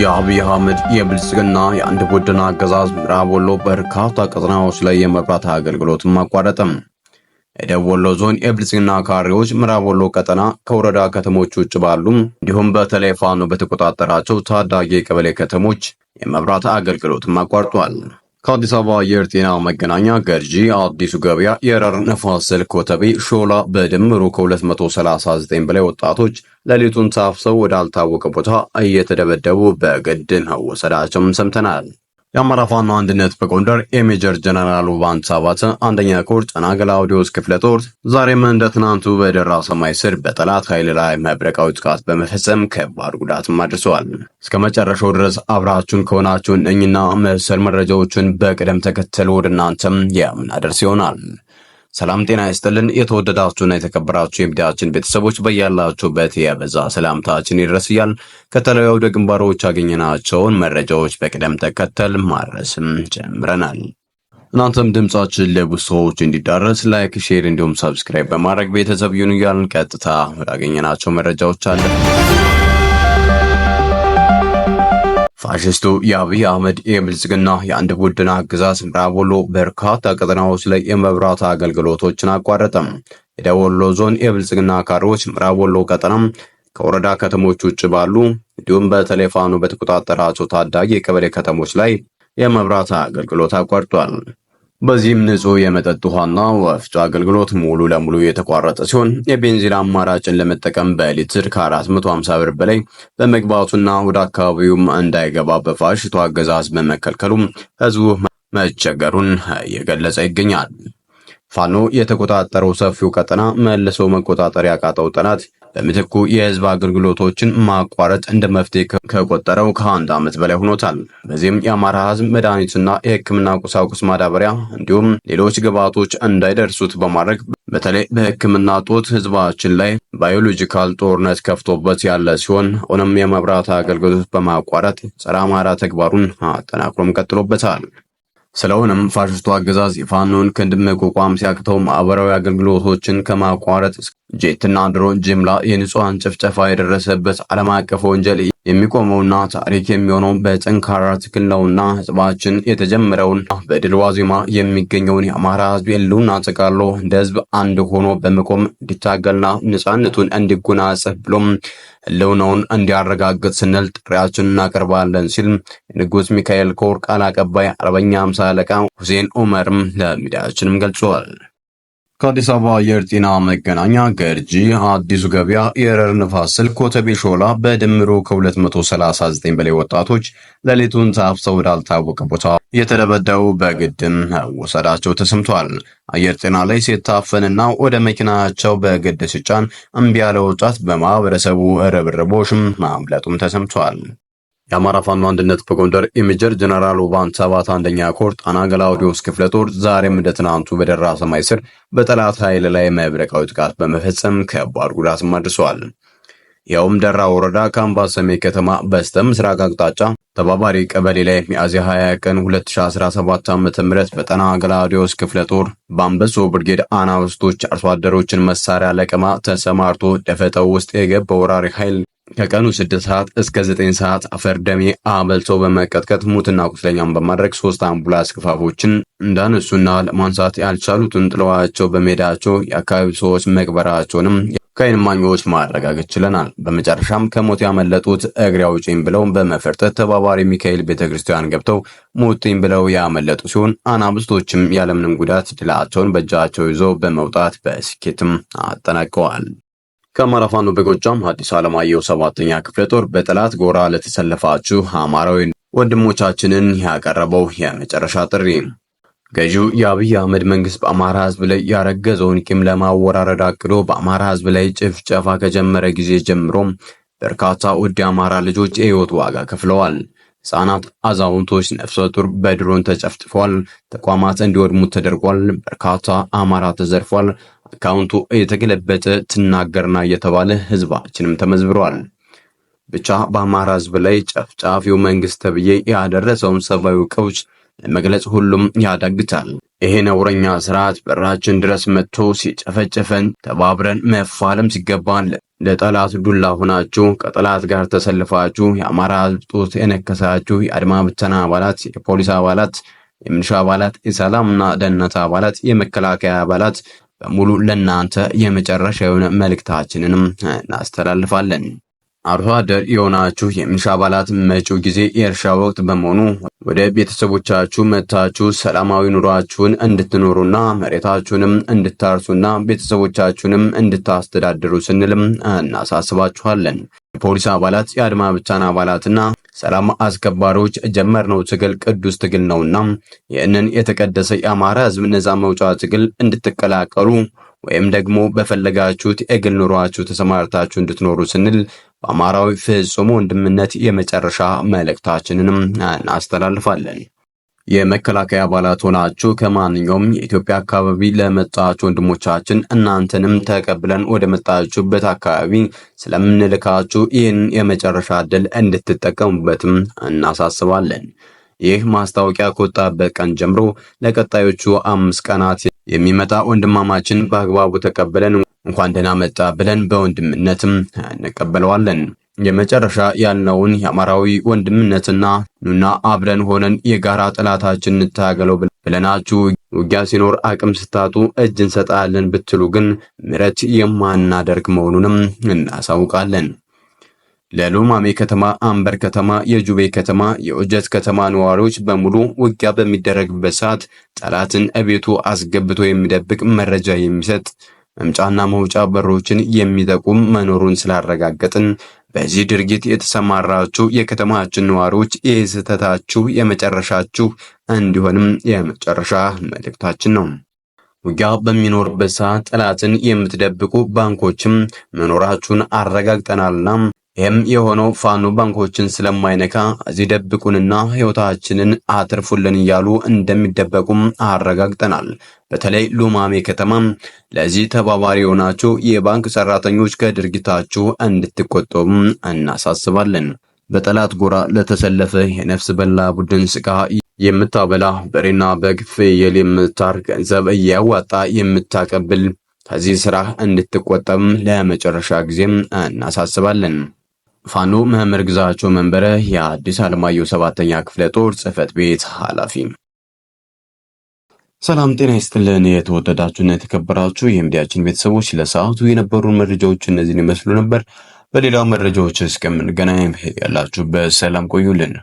የአብይ አህመድ የብልጽግና የአንድ ቡድን አገዛዝ ምዕራብ ወሎ በርካታ ቀጠናዎች ላይ የመብራት አገልግሎትን አቋረጠም። የደቡብ ወሎ ዞን የብልጽግና ካሬዎች ምዕራብ ወሎ ቀጠና ከወረዳ ከተሞች ውጭ ባሉ እንዲሁም በተለይ ፋኖ በተቆጣጠራቸው ታዳጊ የቀበሌ ከተሞች የመብራት አገልግሎትም አቋርጧል። ከአዲስ አበባ አየር ጤና መገናኛ ገርጂ፣ አዲሱ ገበያ፣ የረር፣ ነፋስ ስልክ፣ ኮተቤ፣ ሾላ በድምሩ ከ239 በላይ ወጣቶች ሌሊቱን ታፍሰው ወዳልታወቀ ቦታ እየተደበደቡ በግድ ወሰዳቸውም ሰምተናል። የአማራ ፋኖ አንድነት በጎንደር የሜጀር ጀነራል ውባንት ሳባት አንደኛ ኮር ጫና ገላውዲዮስ ክፍለ ጦር ዛሬም እንደ ትናንቱ በደራ ሰማይ ስር በጠላት ኃይል ላይ መብረቃዊ ጥቃት በመፈጸም ከባድ ጉዳት አድርሰዋል። እስከ መጨረሻው ድረስ አብራችሁን ከሆናችሁን እኝና መሰል መረጃዎችን በቅደም ተከተል ወደ እናንተም የምናደርስ ይሆናል። ሰላም ጤና ይስጥልን። የተወደዳችሁና የተከበራችሁ የሚዲያችን ቤተሰቦች በያላችሁበት የበዛ ሰላምታችን ይድረስ እያል ከተለያዩ ወደ ግንባሮች ያገኘናቸውን መረጃዎች በቅደም ተከተል ማድረስም ጀምረናል። እናንተም ድምጻችን ለብዙ ሰዎች እንዲዳረስ ላይክ፣ ሼር እንዲሁም ሰብስክራይብ በማድረግ ቤተሰብ ይሁኑ እያልን ቀጥታ ወዳገኘናቸው መረጃዎች አለን። ፋሽስቱ የአብይ አህመድ የብልጽግና የአንድ ቡድን አገዛዝ ምዕራብ ወሎ በርካታ ቀጠናዎች ላይ የመብራት አገልግሎቶችን አቋረጠም። የደቡብ ወሎ ዞን የብልጽግና ካድሬዎች ምዕራብ ወሎ ቀጠና ከወረዳ ከተሞች ውጭ ባሉ እንዲሁም በተለይ በተቆጣጠራቸው ታዳጊ የቀበሌ ከተሞች ላይ የመብራት አገልግሎት አቋርጧል። በዚህም ንጹህ የመጠጥ ውሃና ወፍጮ አገልግሎት ሙሉ ለሙሉ የተቋረጠ ሲሆን የቤንዚን አማራጭን ለመጠቀም በሊትር ከ450 ብር በላይ በመግባቱና ወደ አካባቢውም እንዳይገባ በፋሽቱ አገዛዝ በመከልከሉም ህዝቡ መቸገሩን እየገለጸ ይገኛል። ፋኖ የተቆጣጠረው ሰፊው ቀጠና መልሶ መቆጣጠር ያቃጠው ጠላት በምትኩ የህዝብ አገልግሎቶችን ማቋረጥ እንደ መፍትሄ ከቆጠረው ከአንድ ዓመት በላይ ሆኖታል። በዚህም የአማራ ህዝብ መድኃኒትና የህክምና ቁሳቁስ ማዳበሪያ፣ እንዲሁም ሌሎች ግብዓቶች እንዳይደርሱት በማድረግ በተለይ በህክምና ጦት ህዝባችን ላይ ባዮሎጂካል ጦርነት ከፍቶበት ያለ ሲሆን ሆነም የመብራት አገልግሎት በማቋረጥ ጸረ አማራ ተግባሩን አጠናክሮም ቀጥሎበታል። ስለሆነም ፋሽስቱ አገዛዝ የፋኖን ክንድ መቋቋም ሲያቅተው ማህበራዊ አገልግሎቶችን ከማቋረጥ ጄትና ድሮን ጅምላ የንጹሐን ጭፍጨፋ የደረሰበት ዓለም አቀፍ ወንጀል የሚቆመውና ታሪክ የሚሆነው በጠንካራ ትግል ነውና ህዝባችን የተጀመረውን በድል ዋዜማ የሚገኘውን የአማራ ህዝብ የህልውና ተጋድሎ እንደ ህዝብ አንድ ሆኖ በመቆም እንዲታገልና ነፃነቱን እንዲጎናጸፍ ብሎም ህልውናውን እንዲያረጋግጥ ስንል ጥሪያችን እናቀርባለን ሲል የንጉስ ሚካኤል ኮር ቃል አቀባይ አርበኛ ሃምሳ አለቃ ሁሴን ኡመርም ለሚዲያችንም ገልጸዋል። ከአዲስ አበባ አየር ጤና መገናኛ፣ ገርጂ፣ አዲሱ ገበያ፣ የረር ንፋስ ስልክ፣ ኮተቤ፣ ሾላ በድምሩ ከ239 በላይ ወጣቶች ሌሊቱን ታፍሰው ወዳልታወቀ ቦታ የተደበደቡ በግድም መወሰዳቸው ተሰምቷል። አየር ጤና ላይ ሲታፈንና ወደ መኪናቸው በግድ ሲጫን እምቢ ያለ ወጣት በማህበረሰቡ ርብርቦሽም ማምለጡም ተሰምቷል። የአማራ ፋኖ አንድነት በጎንደር ኢሜጀር ጀነራል ውባን ሰባት አንደኛ ኮር ጣና ገላውዲዮስ ክፍለ ጦር ዛሬም እንደ ትናንቱ በደራ ሰማይ ስር በጠላት ኃይል ላይ መብረቃዊ ጥቃት በመፈጸም ከባድ ጉዳትም አድርሰዋል። ያውም ደራ ወረዳ ከአምባሰሜ ከተማ በስተ ምስራቅ አቅጣጫ ተባባሪ ቀበሌ ላይ ሚያዝያ 20 ቀን 2017 ዓ.ም በጣና ገላውዲዮስ ክፍለ ጦር በአንበሶ ብርጌድ አናብስቶች አርሶ አደሮችን መሳሪያ ለቀማ ተሰማርቶ ደፈጠው ውስጥ የገባ ወራሪ ኃይል ከቀኑ ስድስት ሰዓት እስከ ዘጠኝ ሰዓት አፈር ደሜ አበልቶ በመቀጥቀጥ ሙትና ቁስለኛውን በማድረግ ሶስት አምቡላንስ ክፋፎችን እንዳነሱና ለማንሳት ያልቻሉትን ጥለዋቸው በሜዳቸው የአካባቢ ሰዎች መቅበራቸውንም ከዓይን እማኞች ማረጋገጥ ችለናል። በመጨረሻም ከሞት ያመለጡት እግሬ አውጪኝ ብለው በመፈርጠት ተባባሪ ሚካኤል ክርስቲያን ገብተው ሞትኝ ብለው ያመለጡ ሲሆን አናብስቶችም ያለምንም ጉዳት ድላቸውን በእጃቸው ይዘው በመውጣት በስኬትም አጠናቀዋል። ከአማራ ፋኖ በጎጃም ሐዲስ ዓለማየሁ ሰባተኛ ክፍለ ጦር በጠላት ጎራ ለተሰለፋችሁ አማራዊ ወንድሞቻችንን ያቀረበው የመጨረሻ ጥሪ ገዢው የአብይ አህመድ መንግስት በአማራ ህዝብ ላይ ያረገዘውን ቂም ለማወራረድ አቅዶ በአማራ ህዝብ ላይ ጭፍጨፋ ከጀመረ ጊዜ ጀምሮ በርካታ ውድ የአማራ ልጆች የህይወት ዋጋ ከፍለዋል። ህጻናት፣ አዛውንቶች፣ ነፍሰ ጡር በድሮን ተጨፍጭፏል። ተቋማት እንዲወድሙ ተደርጓል። በርካታ አማራ ተዘርፏል። አካውንቱ የተገለበጠ ትናገርና እየተባለ ህዝባችንም ተመዝብሯል። ብቻ በአማራ ህዝብ ላይ ጨፍጫፊው መንግስት ተብዬ ያደረሰውን ሰብአዊ ቀውስ ለመግለጽ ሁሉም ያዳግታል። ይሄ ነውረኛ ስርዓት በራችን ድረስ መጥቶ ሲጨፈጨፈን ተባብረን መፋለም ሲገባን ለጠላት ዱላ ሆናችሁ ከጠላት ጋር ተሰልፋችሁ የአማራ ህዝብ ጡት የነከሳችሁ የአድማ ብተና አባላት፣ የፖሊስ አባላት፣ የምንሻ አባላት፣ የሰላምና ደህንነት አባላት፣ የመከላከያ አባላት በሙሉ ለእናንተ የመጨረሻ የሆነ መልእክታችንንም እናስተላልፋለን። አርሶ አደር የሆናችሁ የሚሊሻ አባላት መጪው ጊዜ የእርሻ ወቅት በመሆኑ ወደ ቤተሰቦቻችሁ መጥታችሁ ሰላማዊ ኑሯችሁን እንድትኖሩና መሬታችሁንም እንድታርሱና ቤተሰቦቻችሁንም እንድታስተዳድሩ ስንልም እናሳስባችኋለን። የፖሊስ አባላት፣ የአድማ ብቻን አባላትና ሰላም አስከባሪዎች ጀመርነው ትግል ቅዱስ ትግል ነውና ይህንን የተቀደሰ የአማራ ህዝብ ነጻ መውጫ ትግል እንድትቀላቀሉ ወይም ደግሞ በፈለጋችሁት የግል ኑሯችሁ ተሰማርታችሁ እንድትኖሩ ስንል በአማራዊ ፍጹም ወንድምነት የመጨረሻ መልእክታችንንም እናስተላልፋለን። የመከላከያ አባላት ሆናችሁ ከማንኛውም የኢትዮጵያ አካባቢ ለመጣችሁ ወንድሞቻችን እናንተንም ተቀብለን ወደ መጣችሁበት አካባቢ ስለምንልካችሁ ይህን የመጨረሻ ድል እንድትጠቀሙበትም እናሳስባለን። ይህ ማስታወቂያ ከወጣበት ቀን ጀምሮ ለቀጣዮቹ አምስት ቀናት የሚመጣ ወንድማማችን በአግባቡ ተቀብለን እንኳን ደህና መጣ ብለን በወንድምነትም እንቀበለዋለን። የመጨረሻ ያልነውን የአማራዊ ወንድምነትና ኑና አብረን ሆነን የጋራ ጠላታችን እንታገለው ብለናችሁ ውጊያ ሲኖር አቅም ስታጡ እጅ እንሰጣለን ብትሉ ግን ምረት የማናደርግ መሆኑንም እናሳውቃለን። ለሉማሜ ከተማ፣ አንበር ከተማ፣ የጁቤ ከተማ፣ የኦጀት ከተማ ነዋሪዎች በሙሉ ውጊያ በሚደረግበት ሰዓት ጠላትን እቤቱ አስገብቶ የሚደብቅ መረጃ የሚሰጥ መምጫና መውጫ በሮችን የሚጠቁም መኖሩን ስላረጋገጥን በዚህ ድርጊት የተሰማራችሁ የከተማችን ነዋሪዎች የስህተታችሁ የመጨረሻችሁ እንዲሆንም የመጨረሻ መልእክታችን ነው። ውጊያ በሚኖርበት ሰዓት ጠላትን የምትደብቁ ባንኮችም መኖራችሁን አረጋግጠናልና ይህም የሆነው ፋኖ ባንኮችን ስለማይነካ እዚህ ደብቁንና ህይወታችንን አትርፉልን እያሉ እንደሚደበቁም አረጋግጠናል። በተለይ ሉማሜ ከተማ ለዚህ ተባባሪ የሆናችሁ የባንክ ሰራተኞች ከድርጊታችሁ እንድትቆጠቡም እናሳስባለን። በጠላት ጎራ ለተሰለፈ የነፍስ በላ ቡድን ስጋ የምታበላ በሬና በግ ፍየል የምታር ገንዘብ እያዋጣ የምታቀብል ከዚህ ስራ እንድትቆጠብም ለመጨረሻ ጊዜም እናሳስባለን። ፋኖ መምህር ግዛቸው መንበረ የአዲስ አለማየሁ ሰባተኛ ክፍለ ጦር ጽህፈት ቤት ኃላፊ። ሰላም ጤና ይስጥልን። የተወደዳችሁና የተከበራችሁ የሚዲያችን ቤተሰቦች ለሰዓቱ የነበሩ መረጃዎች እነዚህን ይመስሉ ነበር። በሌላው መረጃዎች እስከምንገናኝ ያላችሁበት ሰላም ቆዩልን።